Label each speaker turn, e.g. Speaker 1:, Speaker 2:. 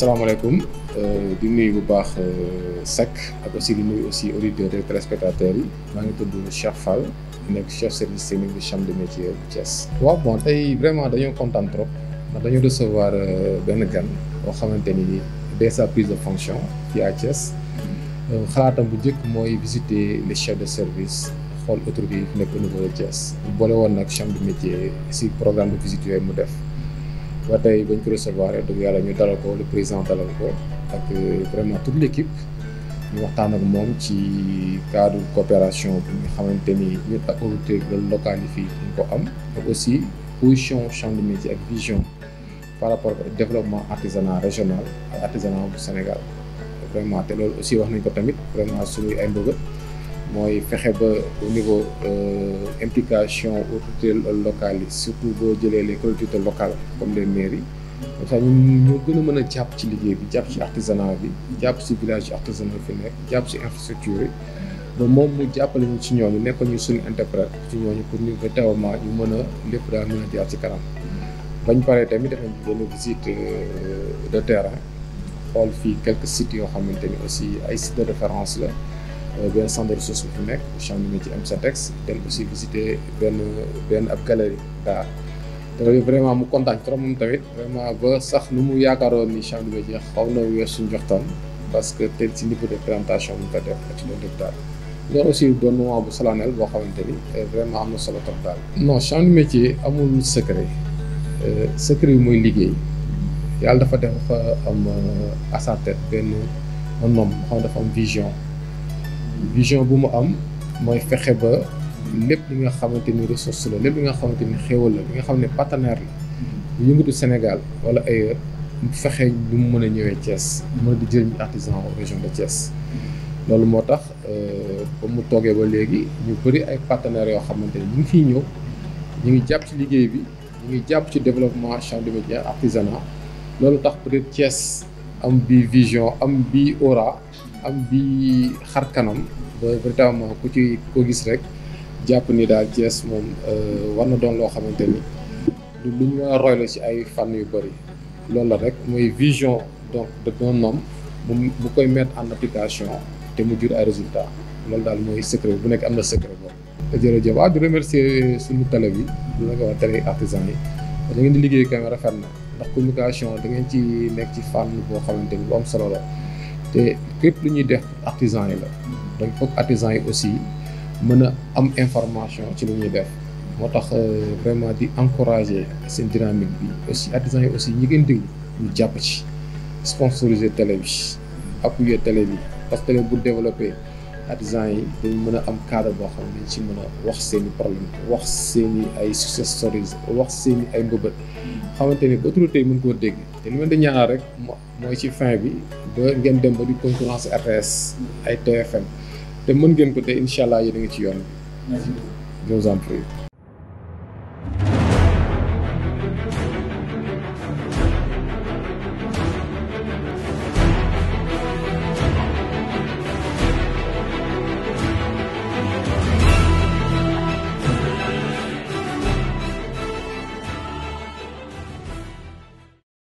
Speaker 1: salaamaaleykum euh, di nuyu bu baax euh, Seck ak aussi di nuyu aussi auditeurs et téléspectateurs yi maa ngi tudd chaque Fall nekk chef service technique du chambre de métier bu Thiès. waaw bon tey vraiment dañoo kontaan trop ndax dañoo recevoir euh, benn gan boo xamante ni dès sa prise de fonction fii à Thiès xalaatam bu njëkk mooy visiter les chefs de service. xool autorité yi nekk au niveau de Thiès boole woon nag chambre de métier si programme de visite yooyu mu def. ba tey bañ ko recevoir dëgg yàlla ñu dalal ko le président dalal ko ak euh, vraiment toute l' équipe ñu waxtaan ak moom ci cadre coopération bi nga xamante ni ñu ak autorité locale yi fii ñu ko am ak aussi position champ de métier ak vision par rapport développement artisanat régional ak artisanat bu Sénégal vraiment te loolu aussi wax nañ ko tamit vraiment suñuy ay mbëbët mooy fexe ba au niveau euh, implication autorités locales yi surtout boo jëlee les collectivités locales comme les mairies comme ça ñun ñoo gën a mën a jàpp ci liggéey bi jàpp ci artisanat bi jàpp ci village artisanal fi nekk jàpp ci infrastructure yi ba moom mu jàppale ñu ci ñooñu nekkoon ñu suñu interprète ci ñooñu pour ñu véritablement ñu mën a lépp daal mën a jaar ci kanam bañ paree tamit def nañ benn visite euh, de terrain xool fii quelques sites yoo xamante ni aussi ay sites de référence la benn centre ressource bu fi nekk champ mi ci MCTEX dem aussi visiter benn ab galerie d'art te vraiment mu kontaan trop moom tamit vraiment ba sax lu mu yaakaaroon ni champ de métier xaw na weesu njox joxtaan parce que te ci niveau de présentation bu ñu ko def ak ci loolu daal loolu aussi doon moment bu solennel boo xamante ni euh, vraiment am na solo trop daal. non champ de métier amul secret euh, secret bi muy liggéey yàlla dafa def dafa am euh, à benn man moom vision bu mu am mooy fexe ba lépp li nga xamante ni ressource la lépp li nga xamante ni xéewal la li nga xam ne partenaire la yëngatu Sénégal wala ailleurs fexe bu mu mën a ñëwee Thiès mën di jëriñ artisan région de Thiès loolu moo tax euh, ba mu toogee ba léegi ñu bëri ay partenaires yoo xamante ni ñu ngi fiy ñëw ñu ngi jàpp ci liggéey bi ñu ngi jàpp ci développement champ de média artisanat loolu tax peut-être Thiès am bi vision am bi ora am bi xar kanam ba véritablement ku ci ko gis rek jàpp ni daal Thiès moom euh, war na doon loo xamante ni lu ñu mën a roy ci ay fànn yu bëri loolu la rek mooy vision donc de d'un homme mu bu koy mettre en application te mu jur ay résultat loolu daal mooy secret bu nekk am na secret boobu jërëjëf waaw di bi di la ko wax yi da ngeen di liggéey rafet na ndax communication da ngeen ci nekk ci fànn boo xamante ni bu am solo la te képp lu ñuy def artisan yi la donc foog artisan yi aussi mën a am information ci lu ñuy def moo tax euh, vraiment di encourager seen dynamique bi aussi artisan yi aussi ñi ngeen déglu ñu jàpp ci sponsoriser télé bi appuyer télé bi parce que télé bu développé artisan yi dañ mën a am cadre boo xam ne ci mën a wax seen i problème wax seen ay success stories wax seen ay mbëbët xamante ni ba autorité yi mën koo dégg te li ma di ñaanal rek mooy ci fin bi ba ngeen dem ba di concurrence RTS ay TFM te mën ngeen ko te incha allah yéen ngi ci yoon bi. je vous